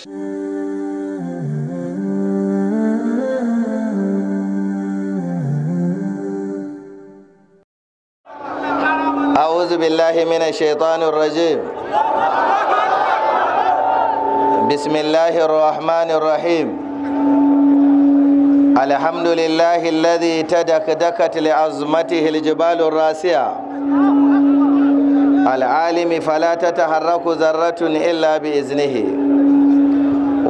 أعوذ بالله من الشيطان الرجيم بسم الله الرحمن الرحيم الحمد لله الذي تدكدكت لعظمته الجبال الراسية العالم فلا تتحرك ذرة إلا بإذنه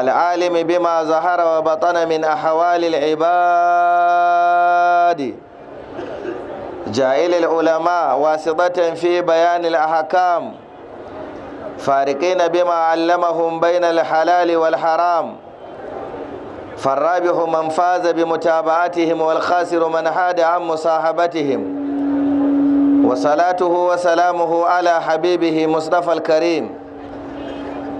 العالم بما ظهر وبطن من أحوال العباد جائل العلماء واسطة في بيان الأحكام فارقين بما علمهم بين الحلال والحرام فالرابح من فاز بمتابعتهم والخاسر من حاد عن مصاحبتهم وصلاته وسلامه على حبيبه مصطفى الكريم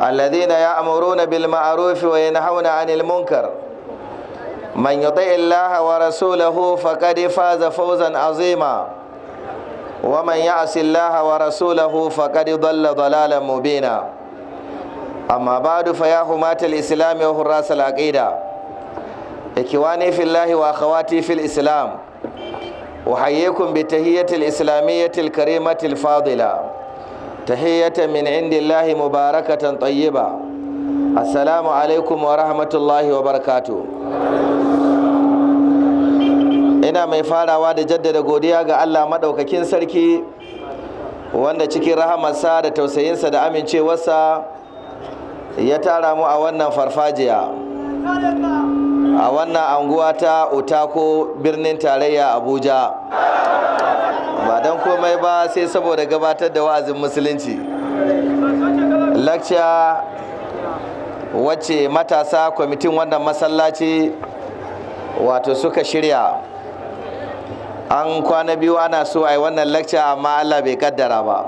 الذين يأمرون بالمعروف وينهون عن المنكر من يطع الله ورسوله فقد فاز فوزا عظيما ومن يعص الله ورسوله فقد ضل ضلالا مبينا أما بعد فيا هماة الإسلام وحراس العقيدة إخواني في الله وأخواتي في الإسلام أحييكم بتهية الإسلامية الكريمة الفاضلة tahiyyatan min indillahi mubarakatan tayyiba assalamu alaikum wa rahmatullahi wa barakatu ina mai farawa da jaddada godiya ga Allah madaukakin sarki wanda cikin rahamarsa da tausayinsa da amincewarsa ya tara mu a wannan farfajiya a wannan anguwa ta otako birnin tarayya abuja ba don komai ba sai saboda gabatar da wa'azin musulunci lakca wacce matasa kwamitin wannan masallaci wato suka shirya an kwana biyu ana so a yi wannan lakca amma allah bai kaddara ba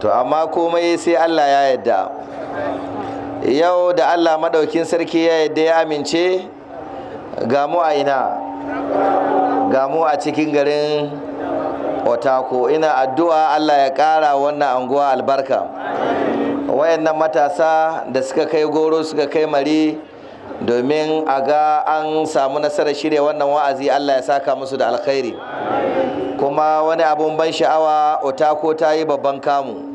to amma komai sai allah ya yadda yau da allah maɗaukin sarki ya yadda ya amince ga mu a ina ga a cikin garin otako ina addu'a allah ya ƙara wannan anguwa albarka wayannan matasa da suka kai goro suka kai mari domin a ga an samu nasarar shirya wannan wa'azi allah ya saka musu da alkhairi kuma wani abun ban sha'awa otako ta yi babban kamu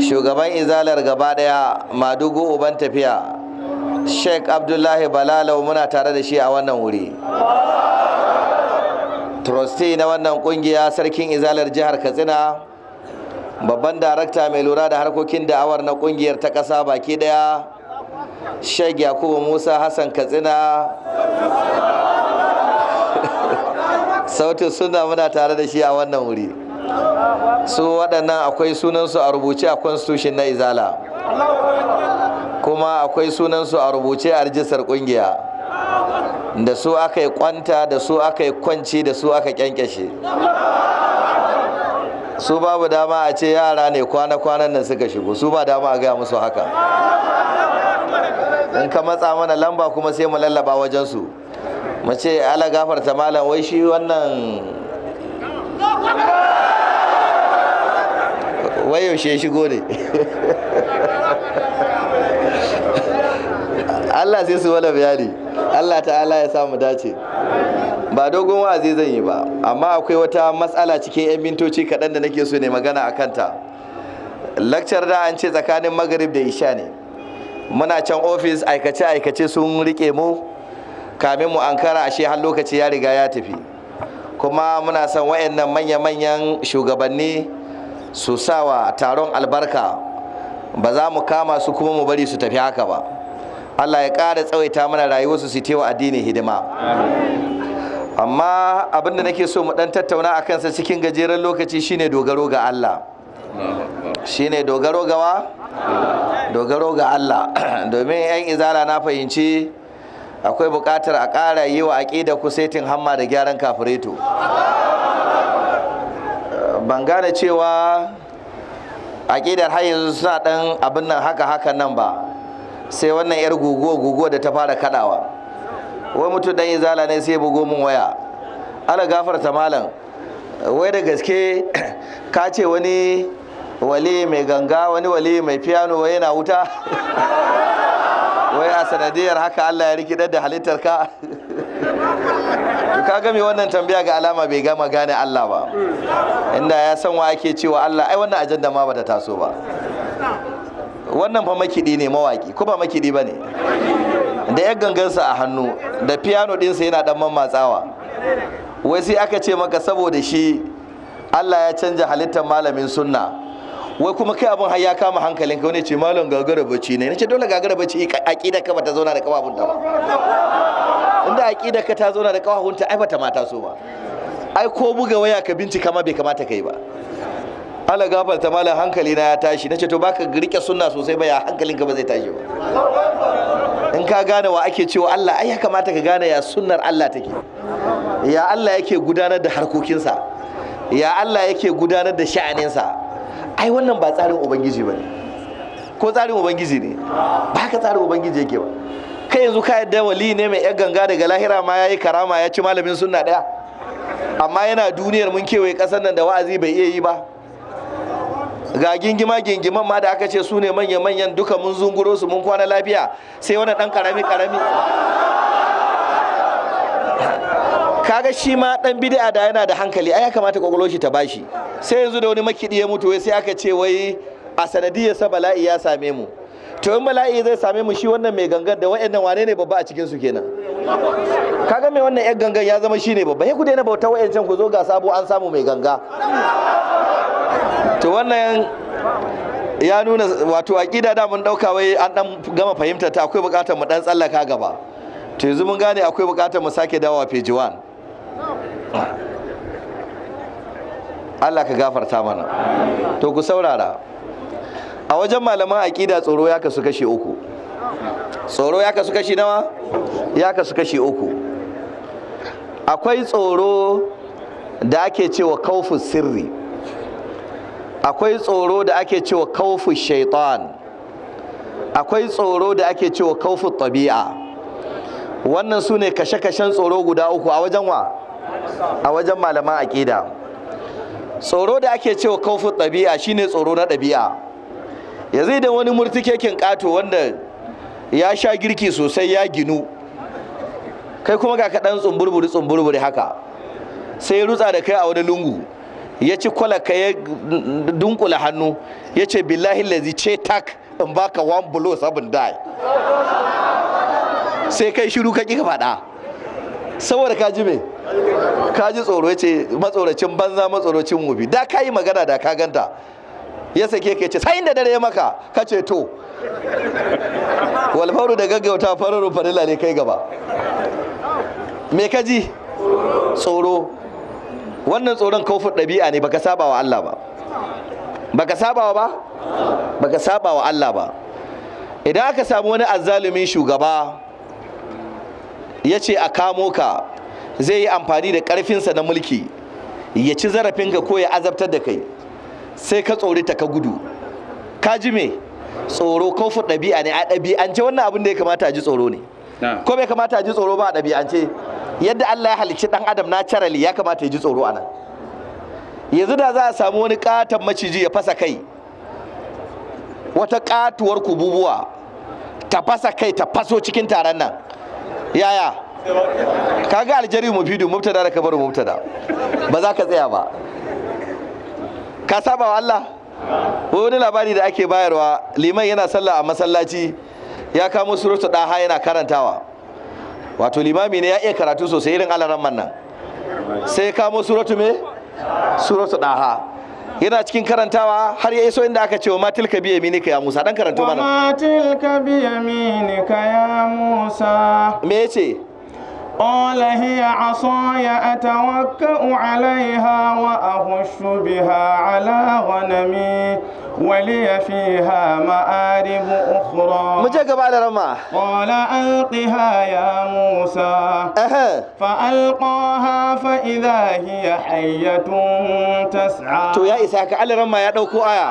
shugaban izalar gaba daya madugu uban tafiya sheikh abdullahi balalau muna tare da shi a wannan wuri trustee na wannan kungiya sarkin izalar jihar katsina babban darakta mai lura da harkokin da'awar na kungiyar ta kasa baki daya sheikh yakubu musa hassan katsina sautin suna muna tare da shi a wannan wuri su waɗannan akwai sunansu a rubuce a constitution na izala kuma akwai sunansu a rubuce a rijistar ƙungiya da su aka yi kwanta da su aka yi kwanci da su aka kyankyashe su babu dama a ce yara ne kwana-kwanan nan suka shigo su ba dama a gaya musu haka in ka matsa mana lamba kuma sai mu lallaba wajensu mu ce ala gafarta malam wai shi wannan wai yaushe ya shigo ne Allah sai su wala bayani Allah ta'ala ya samu dace ba dogon wa'azi zan yi ba amma akwai wata matsala cikin 'yan mintoci kaɗan da nake so ne magana a kanta lakcar da an ce tsakanin magarib da isha ne muna can ofis aikace-aikace sun rike mu kamin mu ankara ashe har lokaci ya riga ya tafi kuma muna son wayannan manya-manyan shugabanni su sawa taron albarka ba za mu kama su kuma mu bari su tafi haka ba Allah ya ƙara tsawaita mana rayuwarsu su tewa addini hidima amma abin da nake so mu dan tattauna a kansa cikin gajeren lokaci shine dogaro ga Allah shine dogaro gawa dogaro ga Allah domin yan izala na fahimci akwai buƙatar a ƙara yi wa aƙida ku setin hamma da gyaran kafireto ban gane cewa aƙidar har yanzu suna ɗan abin nan haka haka nan ba sai wannan yar guguwa guguwa da ta fara kaɗawa wai mutum ɗan izala ne sai bugo min waya ala gafarta malam wai da gaske ka ce wani wali mai ganga wani wali mai fiyano wai yana wuta wai a sanadiyar haka Allah ya riki da halittar ka ka gami wannan tambaya ga alama bai gama gane Allah ba inda ya san wa ake cewa Allah ai wannan ajanda ma bata taso ba wannan fa makidi ne mawaki ko ba makidi bane da yan gangansa a hannu da piano dinsa yana dan mamatsawa wai sai aka ce maka saboda shi Allah ya canja halittar malamin sunna wai kuma kai abin har ya kama hankalinka wani ce malam gagara bacci ne nace dole gagara bacci a aqida ka bata zauna da kafafun ta ba inda aqida ka ta zauna da kafafun ta ai bata mata so ba ai ko buga waya ka bincika ma bai kamata kai ba ala ta malam hankali na ya tashi nace to baka rike sunna sosai ba ya hankalinka ba zai tashi ba in ka gane wa ake cewa Allah ai ya kamata ka gane ya sunnar Allah take ya Allah yake gudanar da harkokinsa ya Allah yake gudanar da sha'aninsa ai wannan ba tsarin ubangiji ba ne ko tsarin ubangiji ne ba ka tsarin ubangiji yake ba kai yanzu ka yadda wali ne mai yan ganga daga lahira ma ya yi karama ya ci malamin sunna daya amma yana duniyar mun kewaye kasar nan da wa'azi bai iya yi ba ga gingima gingiman ma da aka ce su ne manya-manyan duka mun zunguro su mun kwana lafiya sai wani dan karami karami kaga shi ma dan bid'a da yana da hankali ai ya kamata kokolo shi ta bashi sai yanzu da wani makidi ya mutu sai aka ce wai a sanadiyar sa bala'i ya same mu to in bala'i zai same mu shi wannan mai gangan da wa'annan wane ne babba a cikin su kenan kaga mai wannan yan gangan ya zama shi ne babba He ku daina bauta wa'ancan ku zo ga sabo an samu mai ganga to wannan ya nuna wato aƙida da mun ɗauka wai an ɗan gama fahimtar ta akwai buƙatar mu ɗan tsallaka gaba to yanzu mun gane akwai buƙatar mu sake dawowa page 1 Allah ka gafarta mana to ku saurara a wajen malaman aƙida tsoro ya kasu kashi uku tsoro ya kasu kashi nawa ya kasu kashi uku akwai tsoro da ake cewa kaufu sirri akwai tsoro da ake cewa kaufu shaitan akwai tsoro da ake cewa kaufu tabi'a wannan su ne kashe-kashen tsoro guda uku a wajen wa a wajen malaman aƙida tsoro da ake cewa kawfin ɗabi'a shine tsoro na ɗabi'a yanzu idan wani murtikekin ƙato wanda ya sha girki sosai ya ginu kai kuma ga kaɗan tsumburburi tsumburburi haka sai ya rutsa da kai a wani lungu ya ci kwalaka ya dunkula hannu ya ce billahi lazi ce tak in baka wan blow seven die sai kai shiru ka ƙi ka faɗa saboda ka ji me ka ji tsoro ce matsoracin banza matsoracin wubi da ka yi magana da ka ganta ya sake ke ce sai da dare ya maka ka ce to walfaru da gaggauta fararun farilla ne kai gaba me ka ji tsoro wannan tsoron kofin ɗabi'a ne baka saba wa Allah ba baka saba ba baka saba wa Allah ba idan aka samu wani azzalumin shugaba ya ce a kamo ka zai yi amfani da ƙarfinsa na mulki ya ci zarafinka ko ya azabtar da kai sai ka tsori ta ka gudu ka ji me tsoro ko fu ɗabi'a ne a ɗabi'ance wannan abin da ya kamata a ji tsoro ne ko bai kamata a ji tsoro ba a ɗabi'ance yadda Allah ya halicci dan adam na carali ya kamata ya ji tsoro a yanzu da za a samu wani katon maciji ya fasa kai wata katuwar kububuwa ta fasa kai ta faso cikin taron nan yaya kaga aljari mufidu mubtada da kabaru mubtada ba za ka tsaya ba ka saba wa Allah wani labari da ake bayarwa liman yana sallah a masallaci ya kamo suratu daha yana karantawa wato limami ne ya iya karatu sosai irin alaran nan sai kamo suratu me suratu daha yana cikin karantawa har ya iso inda aka ce wa matilka biya minika ya musa dan karanto mana matilka biya minika ya musa me ya ce? قال هي عصاي أتوكأ عليها وأهش بها على غنمي ولي فيها مآرب أخرى قال ألقها يا موسى فألقاها فإذا هي حية تسعى to ya isa ka alaran ma ya ɗauko aya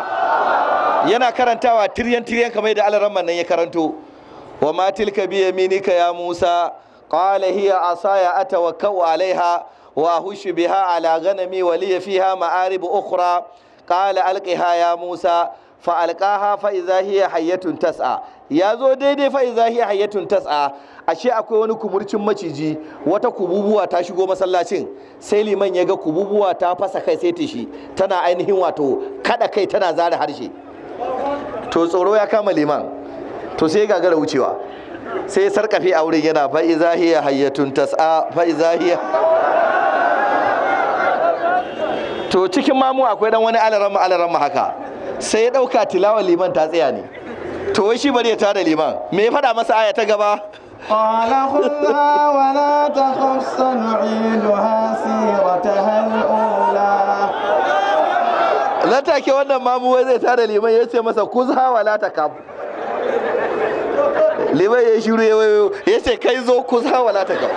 yana karantawa tiryan tiryan kamar da alaran nan ya karanto wa ma tilka bi ya Musa قال هي عصاي أتوكأ عليها وأهش بها على غنمي ولي فيها مآرب أخرى قال ألقها يا موسى فألقاها فإذا هي حية تسعى ya zo daidai fa iza tas'a ashe akwai wani kumurcin maciji wata kububuwa ta shigo masallacin sai liman ya ga kububuwa ta fasa kai sai tishi tana ainihin wato kada kai tana zara harshe to tsoro ya kama liman to sai gagara wucewa sai sarkafi a wurin yana fa iza hiya hayyatun tas'a fa hiya to cikin mamu akwai dan wani alarama alarama haka sai ya dauka tilawar liman ta tsaya ne to wai shi bari ya tara liman me ya faɗa masa aya ta gaba قال خذها ولا تخف سنعيدها سيرتها الأولى na take wannan mamu wai zai tara liman ya ce masa kuzha wala takab liman ya shiru ya wayo ya ce kai zo kusa wala ta gaba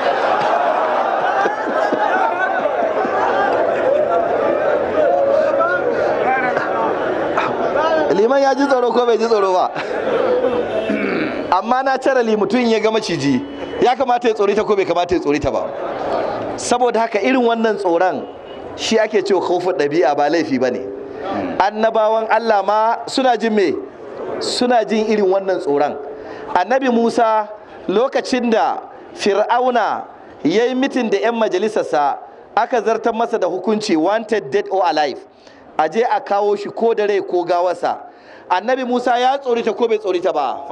liman ya ji tsoro ko bai ji tsoro ba amma na cara mutum ya ga maciji ya kamata ya tsorita ko bai kamata ya tsorita ba saboda haka irin wannan tsoron shi ake cewa kofar ɗabi'a ba laifi ba ne annabawan allah ma suna jin me suna jin irin wannan tsoron annabi musa lokacin da fir'auna ya yi mitin da 'yan majalisarsa aka zartar masa da hukunci wanted dead or alive a je a kawo shi ko da rai ko gawarsa annabi Musa ya tsorita ko bai tsorita ba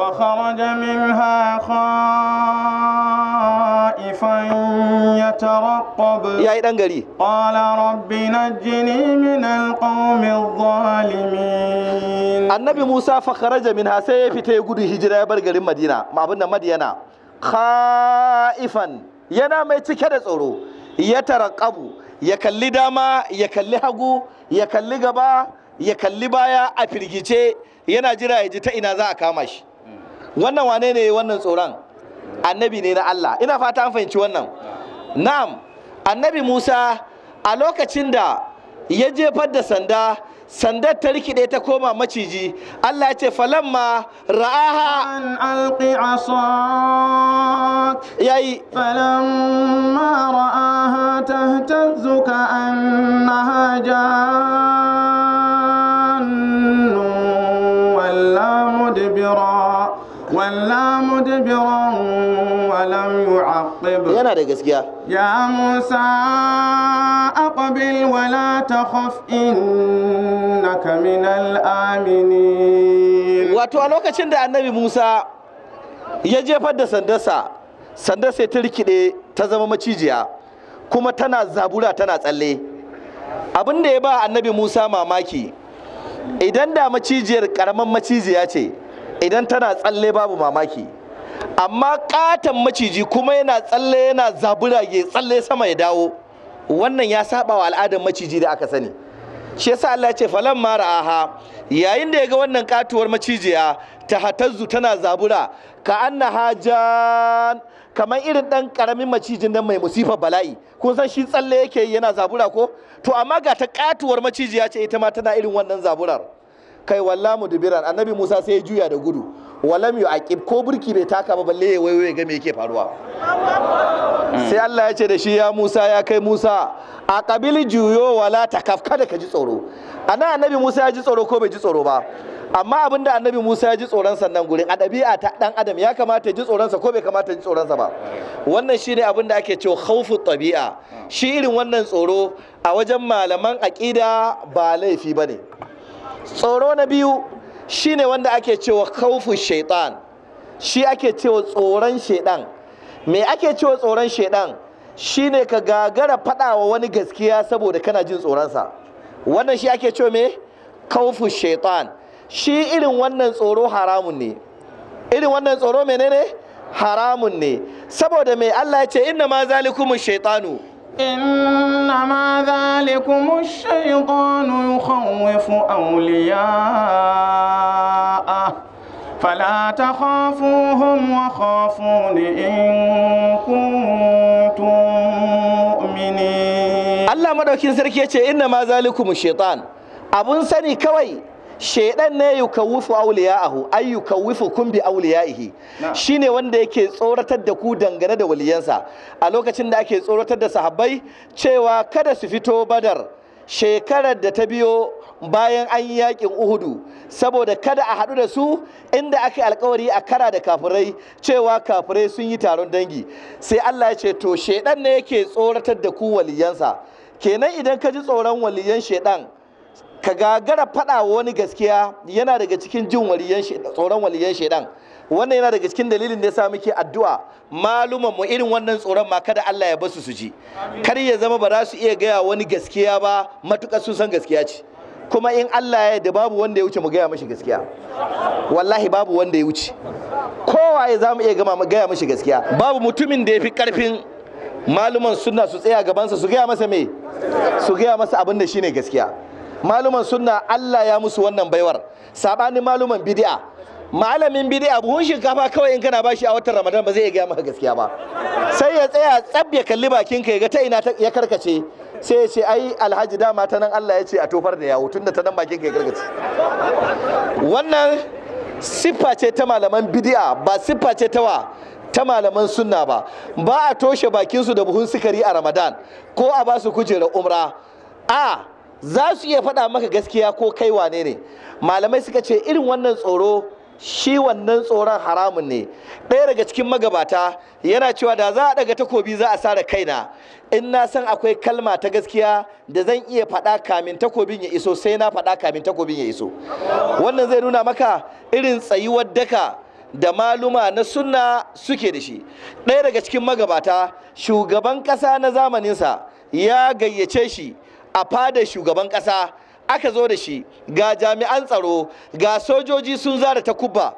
ya yi minha annabi Musa fa Jamin ha sai ya fita ya gudu hijira ya bar garin Madina ma abinda Madiyana khaifan yana mai cike da tsoro ya tarqabu ya kalli dama ya kalli hagu ya kalli gaba ya kalli baya a firgice yana jira ya ji ta ina za a kama shi wannan wane ne wannan tsoron annabi ne na Allah ina fata an fahimci wannan na'am annabi Musa a lokacin da ya jefar da sanda sandar ta rikide ta koma maciji Allah ya ce falamma ra'aha an alqi asak yayi falamma ra'aha tahtazzu ka annaha ja ولا مدبرا ولا مدبرا ولم يعقب يا موسى أقبل ولا تخف إنك من الآمنين واتو ألوكا شند النبي موسى يجي فد سندسا سندسا تركي تزم مچيجيا كما تنا زابولا تنا tsalle abin da ya ba annabi musa mamaki idan da macijiyar karamar maciziya ce idan tana tsalle babu mamaki amma katon maciji kuma yana tsalle yana ya tsalle sama ya dawo wannan ya saba wa al'adar maciji da aka sani shi yasa Allah ya ce falan mara aha yayin da ya ga wannan katuwar macijiya ta hatazzu tana zabura ka anna hajan kamar irin dan karamin macijin nan mai musifa bala'i kun san shi tsalle yake yana zabura ko to amma ga ta katuwar macijiya ce ita ma tana irin wannan zaburar kai walla mudubiran annabi Musa sai ya juya da gudu walam aqib ko burki bai taka ba balle ya waiwaye ga me yake faruwa sai Allah ya ce da shi ya Musa ya kai Musa a qabil juyo wala takaf kada ka ji tsoro ana annabi Musa ya ji tsoro ko bai ji tsoro ba amma abinda annabi Musa ya ji tsoron sannan gurin a ɗabi'a ta ɗan adam ya kamata ya ji tsoronsa ko bai kamata ya ji tsoronsa ba wannan shine abinda ake cewa khawfu ɗabi'a shi irin wannan tsoro a wajen malaman aƙida ba laifi bane tsoro na biyu Shi ne wanda ake cewa khawfu shaitan shi ake cewa tsoron shaitan me ake cewa tsoron shaitan ne ka gagara faɗawa wani gaskiya saboda kana jin tsoronsa wannan shi ake cewa me khawfu shaitan shi irin wannan tsoro haramun ne irin wannan tsoro menene haramun ne saboda mai Allah ya ce inna ma zalikumu shaitanu إنما ذلكم الشيطان يخوف أولياءه فلا تخافوهم وخافون إن كنتم مؤمنين الله مدوكين سركي إنما ذلكم الشيطان أبو سني كوي shaidan ne yukawwifu awliya'ahu ay yukawwifukum bi awliya'ihi shine wanda yake tsoratar da ku dangane da waliyansa a lokacin da ake tsoratar da sahabbai cewa kada su fito badar shekarar da ta biyo bayan an yi yakin uhudu saboda kada a haɗu da su inda aka yi alkawari a kara da kafirai cewa kafirai sun yi taron dangi sai allah ya ce to shaidan ne yake tsoratar da ku waliyansa kenan idan ka ji tsoron waliyan shaidan ka gagara faɗa wa wani gaskiya yana daga cikin jin tsoron waliyan shaidan wannan yana daga cikin dalilin da ya yasa muke addu'a maluman mu irin wannan tsoron ma kada Allah ya basu su ji kar ya zama ba za su iya gaya wani gaskiya ba matukar sun san gaskiya ce kuma in Allah ya da babu wanda ya wuce mu gaya mashi gaskiya wallahi babu wanda ya wuce kowa ya mu iya gama gaya mashi gaskiya babu mutumin da ya fi karfin maluman sunna su tsaya gabansa su gaya masa me su gaya masa abin da shi ne gaskiya maluman sunna Allah ya musu wannan baiwar sabanin maluman bidiya. malamin bidi'a buhun shinkafa kawai in kana bashi a watan Ramadan ba zai iya gaya maka gaskiya ba sai ya tsaya tsab ya kalli bakin ka ya ga ta ina ya karkace sai ya ce ai alhaji dama ta nan Allah ya ce a tofar da yawo tunda ta nan bakin ka ya karkace wannan siffa ce ta malaman bidiya ba siffa ce ta wa ta malaman sunna ba ba a toshe bakinsu da buhun sukari a Ramadan ko a ba su kujerar umra a za su iya faɗa maka gaskiya ko kai wane ne malamai suka ce irin wannan tsoro shi wannan tsoron haramun ne ɗaya daga cikin magabata yana cewa da za a ɗaga takobi za a sare kaina in na san akwai kalma ta gaskiya da zan iya faɗa kamin takobin ya iso sai na faɗa kamin takobin ya iso wannan zai nuna maka irin tsayuwar daka da maluma na sunna suke da shi ɗaya daga cikin magabata shugaban ƙasa na zamaninsa ya gayyace shi a fadar shugaban kasa, aka zo da shi ga jami'an tsaro ga sojoji sun zara ta kubba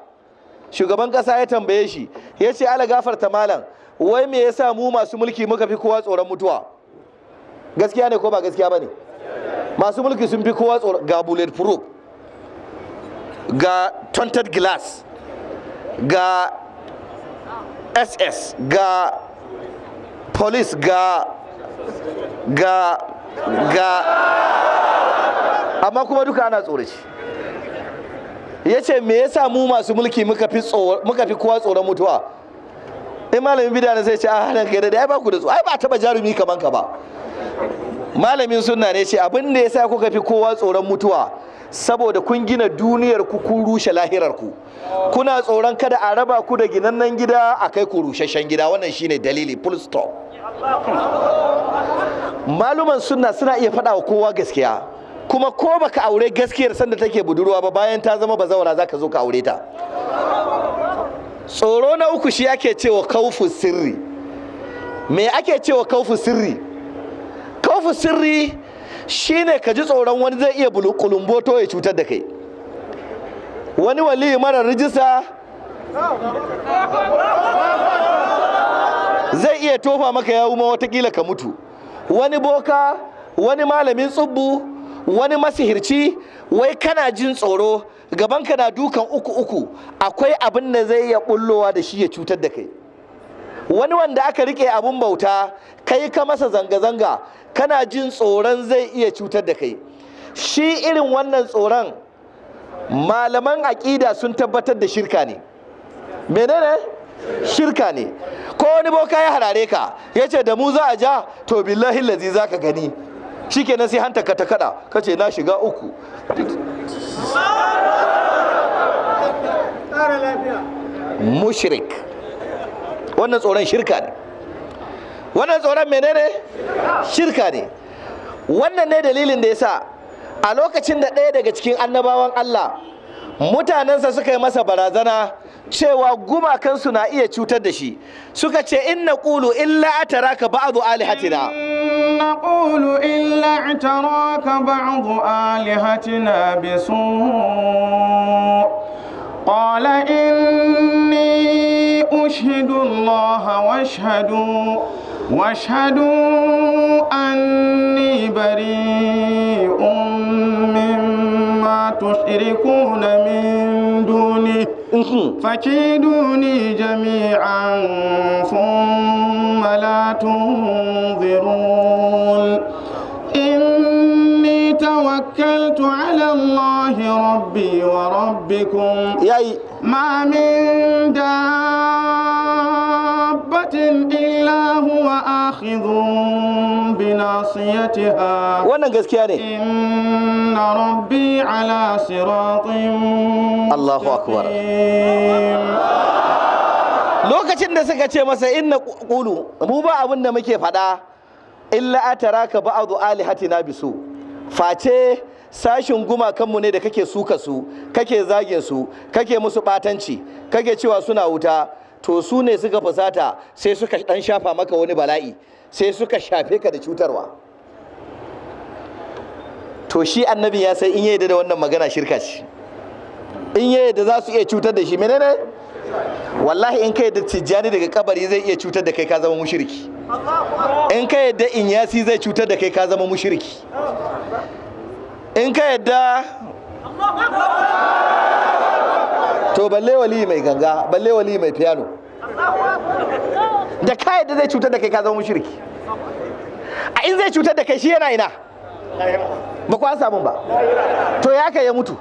shugaban kasa ya tambaye shi ya ce ala gafarta malam wai me yasa mu masu mulki muka fi kowa tsoron mutuwa gaskiya ne ko ba gaskiya ba ne masu mulki sun fi kowa tsoron ga bullet proof ga tinted glass ga ss ga police ga ga ga amma kuma duka ana tsoraci ya ce me yasa mu masu mulki muka fi kowa tsoron mutuwa in malamin bida na sai ce a ah, hannun kai daidai ba ku da tsoro ai ba taba jarumi kaman ka ba malamin sunna ne ce abin da yasa kuka fi kowa tsoron mutuwa saboda kun gina duniyar ku kun rushe lahirar ku kuna tsoron kada a raba ku da ginannan gida a kai ku shan gida wannan shine dalili full stop maluman sunna suna iya faɗa wa kowa gaskiya kuma ko baka aure gaskiyar sanda take budurwa ba bayan ta zama bazawara zaka zo ka aure ta tsoro na uku shi ake cewa kaufu sirri me ake cewa kaufu sirri kaufu sirri shine ka ji tsoron wani zai iya kulumboto ya cutar da kai wani wali mara rijista tofa maka ya ma watakila ka mutu wani boka wani malamin tsubbu wani masihirci wai kana jin tsoro Gaban ka na dukan uku uku akwai abin da zai ya bullowa da shi ya cutar da kai wani wanda aka rike abun bauta kai ka masa zanga-zanga kana jin tsoron zai iya cutar da kai shi irin wannan tsoron malaman aƙida sun tabbatar da shirka ne menene shirka ne ko wani boka ya harare ka ya ce da mu za a ja to billahi lazi za ka gani shikenan sai hanta ka ta kada ka ce na shiga uku mushrik wannan tsoron shirka ne wannan tsoron menene shirka ne wannan ne dalilin da ya sa a lokacin da ɗaya daga cikin annabawan Allah mutanensa suka yi masa barazana cewa gumakansu na iya cutar da shi suka ce in na ƙulu illa a tara ka ba'adu alihatina na ƙulu illa a tara ka ba'adu alihatina bi su ƙwala inni ushidu Allah washhadu washhadu anni bari'un mimma tushrikuna min dunihi فكيدوني جميعا ثم لا تنظرون إني توكلت على الله ربي وربكم ما من دار ربة إلا هو آخذ بناصيتها wannan gaskiya ne lokacin da suka ce masa inna kulu mu ba abin da muke faɗa illa ataraka ba'du alihatina bisu face sashin gumakanmu ne da kake suka su kake zage su kake musu batanci kake cewa suna wuta to su ne suka fusata sai suka dan shafa maka wani bala'i sai suka shafe ka da cutarwa to shi annabi ya sai in ya yadda da wannan magana shirka shi. in ya yadda za su iya cutar da shi menene wallahi in ka yadda tijjani daga kabari zai iya cutar da kai ka zama mushriki in ka yadda in yasi zai cutar da kai ka zama mushriki in ka yadda to balle wali mai ganga balle wali mai piano da kai da zai cutar da kai ka zama mushriki a in zai cutar da kai shi yana ina ba ku an samu ba to ya kai ya mutu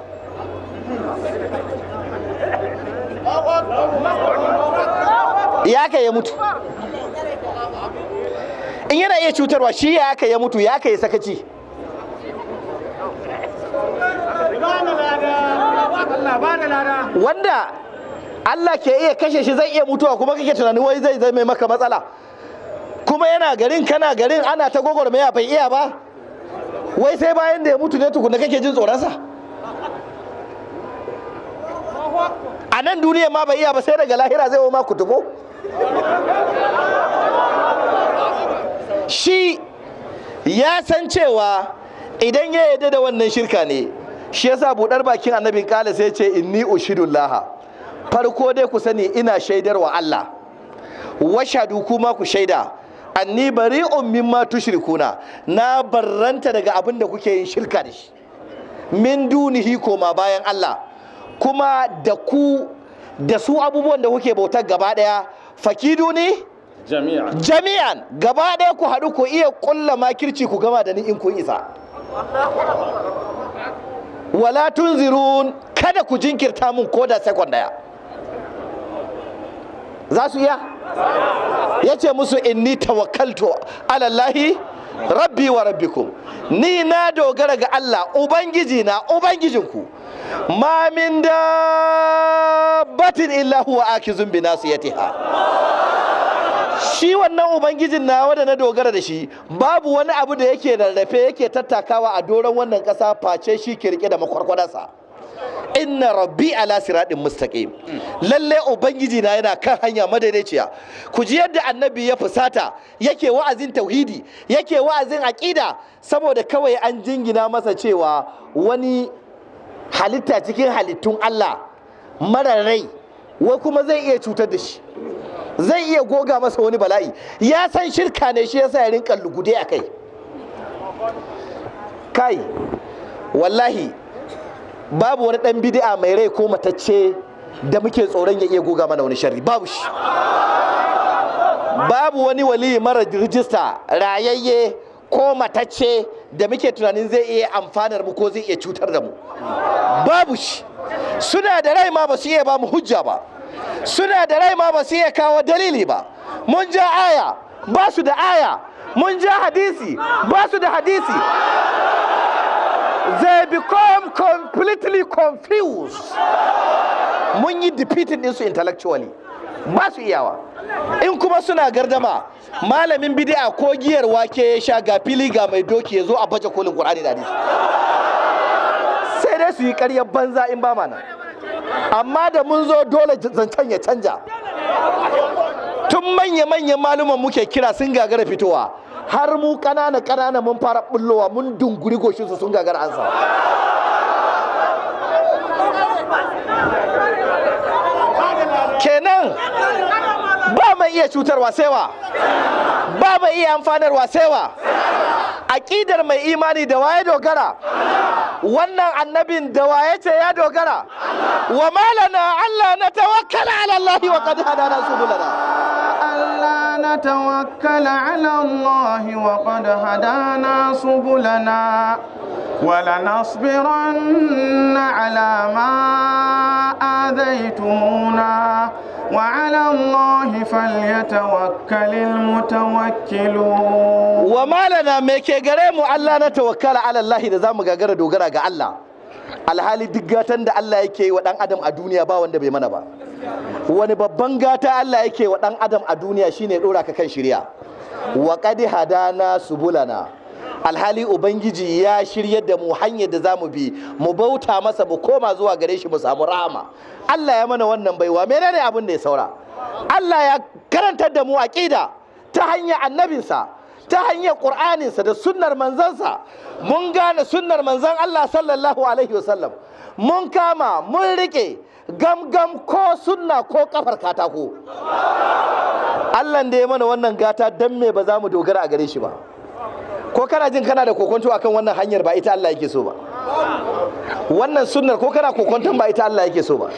ya kai ya mutu in yana iya cutarwa shi ya kai ya mutu ya kai sakaci wanda Allah ke iya kashe shi zai iya mutuwa kuma kake tunanin wai zai zai mai maka matsala kuma yana garin kana garin ana ta gwagwarmaya bai iya ba wai sai bayan da ya mutu ne tukuna kake jin tsoronsa a nan duniya ma bai iya ba sai daga lahira zai ma kutubo shi ya san cewa idan ya yarda da wannan shirka ne shi yasa buɗar bakin annabi kala sai ce inni ushidullaha farko dai ku sani ina shaidar wa Allah washadu kuma ku shaida anni bari'un mimma tushrikuna na barranta daga abin da kuke yin shirka da shi min dunihi koma bayan Allah kuma da ku da su abubuwan da kuke bautar gaba daya fakidu ne jami'an jami'an gaba daya ku haɗu ku iya ƙulla makirci ku gama da ni in kun isa wala zirun kada ku jinkirta mun ko da sekon daya za su iya ya ce musu inni tawakkaltu alallahi rabbi wa rabbikum ni na dogara ga Allah ubangiji na ubangijinku ma min dabbatin illa huwa akizun bi nasiyatiha shi wannan ubangijin na da na dogara da shi babu wani abu da yake rarrafe yake tattakawa a doron wannan ƙasa face shi ke da makwarkwadarsa inna rabbi ala siratin mustaqim lalle ubangiji na yana kan hanya madaidaiciya ku ji yadda annabi ya fusata yake wa'azin tauhidi yake wa'azin aqida saboda kawai an jingina masa cewa wani halitta cikin halittun Allah mara rai wai kuma zai iya cutar da shi zai iya goga masa wani bala'i ya san shirka ne shi yasa ya rinka lugude a kai kai wallahi babu wani dan bid'a mai rai ko matacce da muke tsoron ya iya goga mana wani shari babu shi babu wani wali mara rijista rayayye ko matacce da muke tunanin zai iya amfanar mu ko zai iya cutar da mu babu shi suna da rai ma ba su iya ba mu hujja ba suna da rai ma ba su iya kawo dalili ba mun ja aya ba su da aya mun ja hadisi ba su da hadisi they become completely confused mun yi defeating ɗinsu intellectually ba su iyawa in kuma suna gardama malamin bidi'a ko giyar wake ya sha ga fili ga mai doki ya zo a baje kolin qur'ani da hadisi sai dai su yi karyar banza in ba mana amma da mun zo dole zancen ya canja tun manya-manyan maluman muke kira sun gagara fitowa har mu ƙanana-ƙanana mun fara bullowa mun dunguri su sun gagara ansa kenan ba mai iya cutarwa sewa ba mai iya amfanarwa sewa aƙidar mai imani da waye dogara wannan annabin da waye ce ya dogara wa malana Allah na tawakkala ala Allah wa qad hadana subulana Allah na tawakkala ala Allah wa qad hadana subulana ولنصبرن على ما آذيتمونا وعلى الله فليتوكل المتوكلون وما لنا ميكي غريم الله نتوكل على الله إذا زام غاغر دوغرا غا الله alhali duk gatan da Allah yake wa dan adam a duniya ba wanda bai mana ba wani babban gata Allah yake wa dan adam a duniya shine dora ka kan shirya wa qad hadana subulana alhali ubangiji ya shirya da mu hanyar da za mu bi mu bauta masa mu koma zuwa gare shi mu samu rahama Allah ya mana wannan baiwa menene abin da ya saura Allah ya karantar da mu aqida ta hanyar annabinsa ta hanyar qur'aninsa da sunnar manzansa mun gane sunnar manzan Allah sallallahu alaihi wasallam mun kama mun rike gamgam ko sunna ko kafar katako Allah da ya mana wannan gata dan me ba za mu dogara a gare shi ba ko kana jin kana da kokonto kan wannan hanyar ba ita Allah yake so ba wannan sunnar ko kana kokonton ba ita Allah yake so ba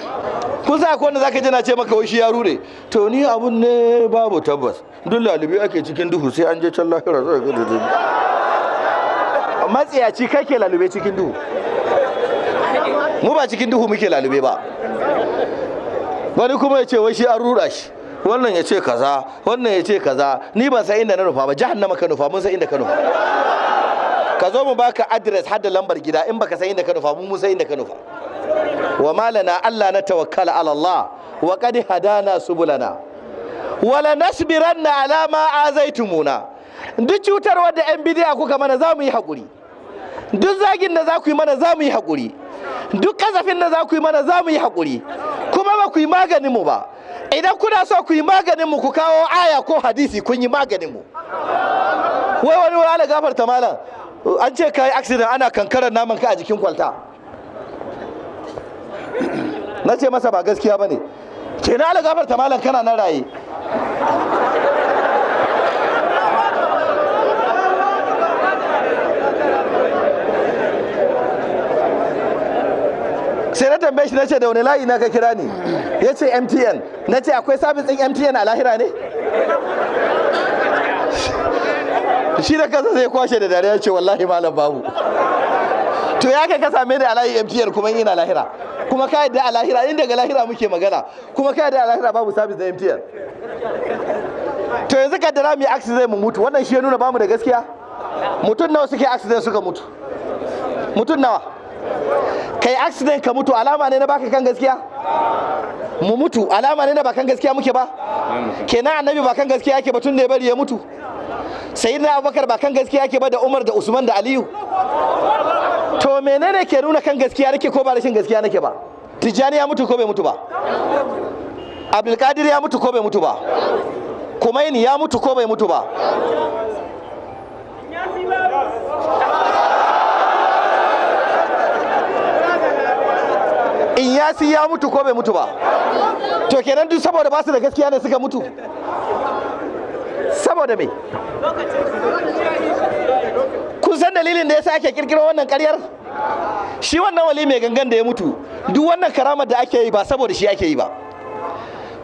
kun sa ko wanda zaka ji na ce maka wai shi ya rure to ni abun ne babu tabbas duk lalibi ake cikin duhu sai an je can lahira zai ga duhu matsiyaci kai ke lalube cikin duhu mu ba cikin duhu muke lalube ba wani kuma ya ce wai shi an rura shi wannan ya ce kaza wannan ya ce kaza ni ban san inda na nufa ba jahannama ka nufa mun san inda ka nufa ka zo mu baka address har da lambar gida in baka san inda ka nufa mu mun san inda ka nufa wa malana Allah na tawakkala ala Allah wa qad hadana subulana wala nasbiranna ala ma azaitumuna duk cutar wadda yan bidiya kuka mana za mu yi hakuri duk zagin da za ku yi mana za mu yi hakuri duk kazafin da za ku yi mana za mu yi hakuri ba ku yi maganinmu mu ba idan kuna so ku yi maganinmu mu ku kawo aya ko hadisi kun yi maganinmu. mu wai wani wani ala ta malam an ce yi accident ana kankarar naman ka a jikin kwalta na ce masa ba gaskiya ne ce na ala ta malam kana na raye sai na tambaye shi na ce da wani layi na ka kira ni ya ce mtn na ce akwai sabis din mtn a lahira ne shi da kasa sai kwashe da dariya ce wallahi malam babu to ya kai ka same da alayi mtn kuma na lahira kuma ka yadda a lahira in daga lahira muke magana kuma ka yadda a lahira babu sabis da mtn to yanzu ka dara mai aksi zai mu mutu wannan shi ya nuna bamu da gaskiya mutum nawa suke aksi zai suka mutu mutum nawa kai accident ka mutu alama ne na baka kan gaskiya mu mutu alama ne na bakan gaskiya muke ba kenan annabi bakan gaskiya yake batun da ya bari ya mutu sayyidina abubakar bakan gaskiya yake ba da umar da usman da aliyu to menene ke nuna kan gaskiya nake ko ba rashin gaskiya nake ba tijjani ya mutu ko bai mutu ba abdulkadir ya mutu ko bai mutu ba kumaini ya mutu ko bai mutu ba in yasi ya mutu ko bai mutu ba to kenan duk saboda ba su da gaskiya ne suka mutu saboda me kun san dalilin da ya sa ake kirkiro wannan karyar shi wannan wali mai gangan da ya mutu duk wannan karamar da ake yi ba saboda shi ake yi ba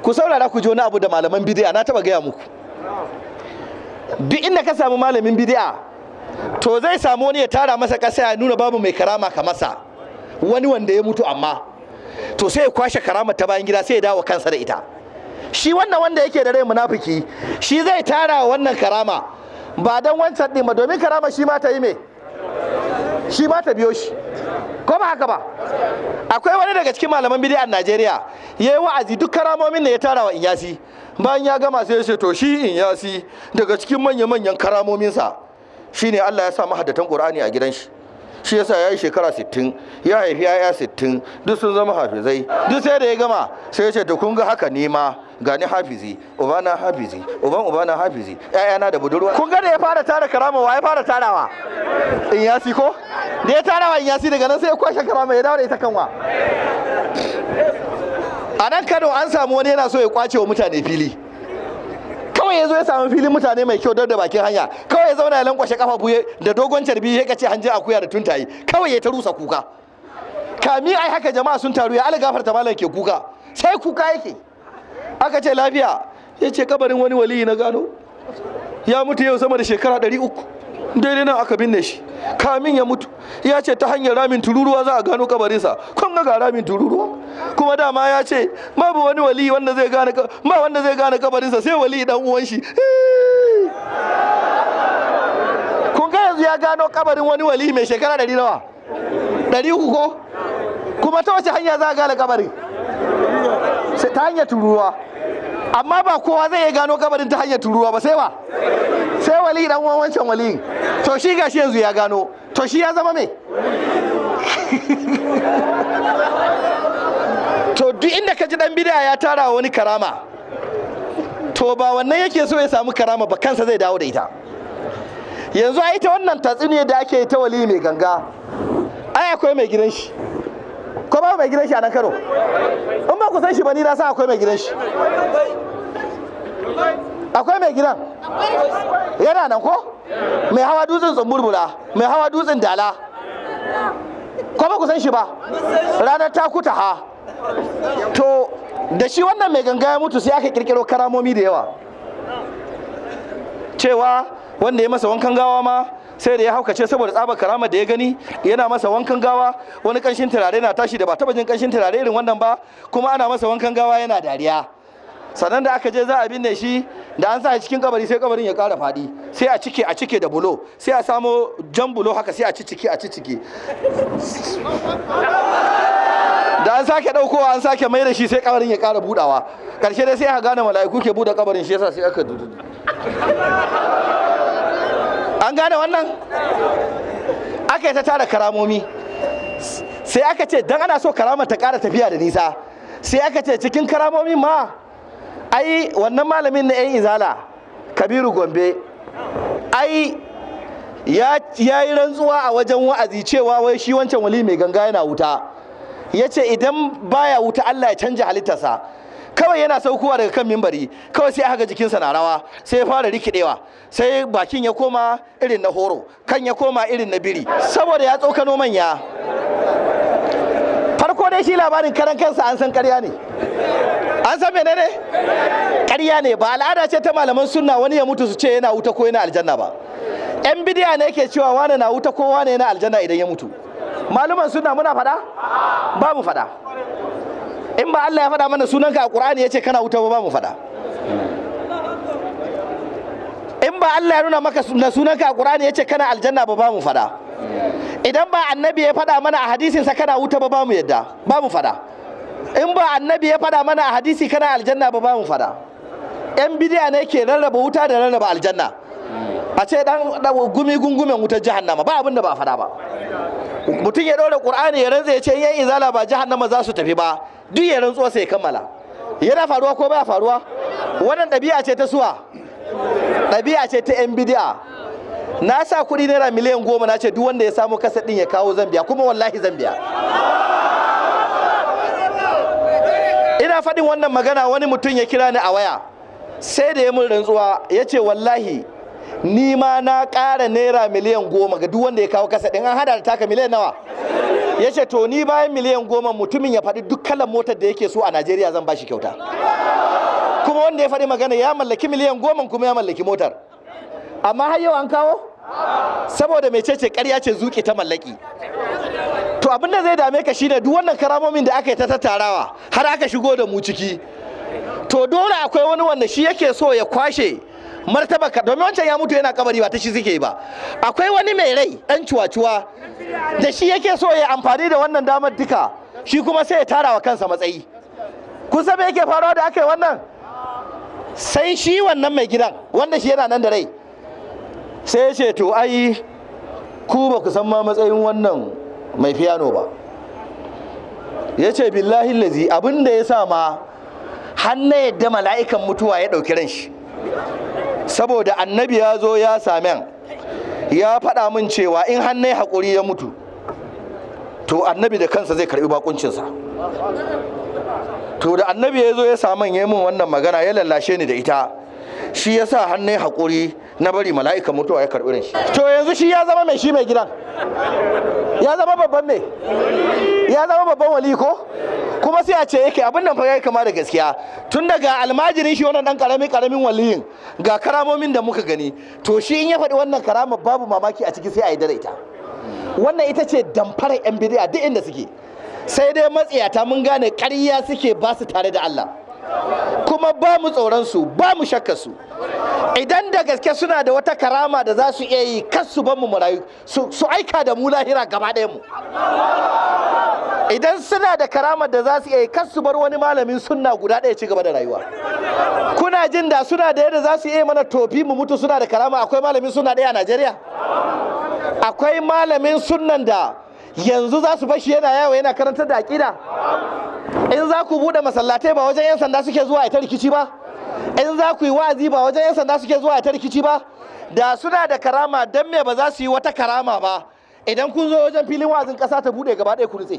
ku saurara ku ji wani abu da malaman bidiya na taba gaya muku duk inda ka samu malamin bidi'a to zai samu wani ya tara masa kasa ya nuna babu mai karama ka masa wani wanda ya mutu amma to sai ya kwashe karamar ta bayan gida sai ya dawo kansa da ita shi wannan wanda yake da rai munafiki shi zai tara wannan karama ba dan wancan ɗin ba domin karama shi ma ta yi me shi ma ta biyo shi ko ba haka ba akwai wani daga cikin malaman a Najeriya ya yi wa'azi duk karamomin da ya tara wa inyasi bayan ya gama sai ya ce to shi inyasi daga cikin manya-manyan karamominsa shine Allah ya sa mahaddatan Qur'ani a gidan shi shi yasa ya yi shekara 60 ya haifi yaya 60 duk sun zama hafizai duk sai da ya gama sai ya ce to kun ga haka ni ma gani hafizi ubana hafizi uban ubana hafizi na da budurwa kun ga da ya fara tara karama wa ya fara tarawa in yasi ko da ya tarawa in yasi daga nan sai ya kwashe karama ya dawo da ita kanwa a nan Kano an samu wani yana so ya kwace wa mutane fili kawai ya zo ya samu filin mutane mai kyau da bakin hanya kawai ya zauna ya lankwashe buye da dogon carbi ya kace hanje akuya da tuntaye kawai ya ta kuka kami ai haka jama'a sun taru ya algafar ta malam ke kuka sai kuka yake aka ce lafiya ya ce kabarin wani waliyi na gano ya mutu yau sama da shekara ɗari uku daidai nan aka binne shi kamin ya mutu ya ce ta hanyar ramin tururuwa za a gano kabarinsa kun ga ramin tururuwa kuma dama ya ce babu wani wali wanda zai gane wanda zai gane kabarinsa sai wali dan uwan shi kun ga yanzu ya gano kabarin wani wali mai shekara ɗari nawa ɗari uku ko kuma ta wace hanya za a gane kabarin sai ta hanyar tururuwa amma ba kowa zai iya gano kabarin ta hanyar turuwa ba sai wa sai wali dan uwan wancan wali. to shi gashi yanzu ya gano to shi ya zama me to duk inda ka ji dan bid'a ya tara wani karama to ba wannan yake so ya samu karama ba kansa zai dawo da ita yanzu a ita wannan tatsuniyar da ake ta wali mai ganga ai akwai mai gidan shi ko ba mai gidan shi a nan karo in ba ku san shi ba ni na san akwai mai gidan shi akwai mai gidan yana nan ko mai hawa dutsen tsumburbula mai hawa dutsen dala ko ba ku san shi ba ranar takuta ha to da shi wannan mai ganga ya mutu sai aka kirkiro karamomi da yawa cewa wanda ya masa wankan gawa ma sai da ya haukace saboda tsabar karama da ya gani yana masa wankan gawa wani kanshin turare na tashi da ba taba jin kanshin turare irin wannan ba kuma ana masa wankan gawa yana dariya sannan da aka je za a binne shi da an sa a cikin kabari sai kabarin ya kara fadi sai a cike a cike da bulo sai a samo jan bulo haka sai a ci ciki a ci ciki da an sake daukowa an sake mai da shi sai kabarin ya kara budawa karshe dai sai aka gane mala'iku ke bude kabarin shi yasa sai aka dudu an gane wannan aka yi ta tara karamomi sai aka ce don ana so karamar ta kara tafiya da nisa sai aka ce cikin karamomi ma ai wannan malamin na yan izala kabiru gombe ai ya yi rantsuwa a wajen wa'azi cewa wai shi wancan wali mai ganga yana wuta ya ce idan baya wuta allah ya canja halittarsa kawai yana saukowa daga kan mimbari kawai sai aka jikinsa na rawa sai ya fara rikidewa sai bakin ya koma irin na horo kan ya koma irin na biri saboda ya tsokano manya farko dai shi labarin karan kansa an san karya ne an san ne? karya ne ba al'ada ce ta malaman sunna wani ya mutu su ce yana wuta ko yana aljanna ba yan bidiya ne ke cewa wane na wuta ko wane yana aljanna idan ya mutu maluman sunna muna fada ba mu fada in ba Allah ya faɗa mana sunanka a Qur'ani yace kana wuta ba mu faɗa in ba Allah ya nuna maka na sunanka a Qur'ani yace kana aljanna ba mu faɗa idan ba annabi ya faɗa mana a hadisin sa kana wuta ba mu yadda ba mu faɗa in ba annabi ya faɗa mana a hadisi kana aljanna ba mu faɗa yan bidiya ne ke rarraba wuta da rarraba aljanna a ce dan gumi gungumen wutar jahannama ba abin da ba faɗa ba mutum ya ɗora ƙur'ani ya rantsa ya ce yan izala ba jahannama za su tafi ba duk ya rantsuwa sai kammala yana faruwa ko baya faruwa wannan ɗabi'a ce ta suwa ɗabi'a ce ta yan bidi'a na sa kuɗi naira miliyan goma na ce duk wanda ya samu kasa ɗin ya kawo zambiya kuma wallahi zambiya ina faɗin wannan magana wani mutum ya kira ni a waya sai da ya mun rantsuwa ya ce wallahi ni ma na ƙara naira miliyan goma ga duk wanda ya kawo kasa ɗin an hada da taka miliyan nawa ya ce to ni bayan miliyan goma mutumin ya faɗi duk kalan motar da yake so a najeriya zan bashi kyauta kuma wanda ya faɗi magana ya mallaki miliyan goma kuma ya mallaki motar amma har yau an kawo saboda mai ce karya ce zuƙi ta mallaki to abin da zai dame ka shine duk wannan karamomin da aka yi ta tattarawa har aka shigo da mu ciki to dole akwai wani wanda shi yake so ya kwashe martaba ka domin wancan ya mutu yana kabari ba ta shi suke ba akwai wani mai rai dan cuwa-cuwa da shi yake so ya amfani da wannan damar duka shi kuma sai ya tara wa kansa matsayi kusa me yake faruwa da aka yi wannan sai shi wannan mai gidan wanda shi yana nan da rai sai ya ce to ai ku ba ku san ma matsayin wannan mai fiyano ba ya ce billahi lazi abin da ya sa ma har na yadda mala'ikan mutuwa ya ɗauki ran shi saboda annabi ya zo ya same, ya faɗa min cewa in hannai haƙuri ya mutu to annabi da kansa zai karɓi bakuncinsa to da annabi ya zo ya saman ya min wannan magana ya lallashe ni da ita shi ya sa hannai haƙuri na bari mala'ikan mutuwa ya karɓi shi to yanzu shi ya zama mai shi mai gidan ya zama babban ne ya zama babban wali ko kuma sai a ce yake abin nan fa yi kama da gaskiya tun daga almajirin shi wannan dan karami karamin waliyin ga karamomin da muka gani to shi in ya faɗi wannan karama babu mamaki a ciki sai a yi daraita wannan ita ce damfarar yan bidiya duk inda suke sai dai matsiyata mun gane ƙarya suke ba su tare da Allah kuma ba mu su ba mu su. idan da gaske suna da wata karama da za su iya yi su ban mu murayu su aika da mu lahira gaba ɗaya mu idan suna da karama da za su iya yi bar wani malamin sunna guda ɗaya ci gaba da rayuwa kuna jin da suna da yadda za su iya mana tofi mu mutu suna da karama akwai malamin suna ɗaya a najeriya akwai malamin sunnan da yanzu za su bashi yana yawa yana karantar da aƙida in za ku buɗe masallatai ba wajen 'yan sanda suke zuwa ta rikici ba in za ku yi wa'azi ba wajen 'yan sanda suke zuwa ta rikici ba da suna da karama don me ba za su yi wata karama ba idan kun zo wajen filin wa'azin ƙasa ta buɗe gaba ɗaya ku nutse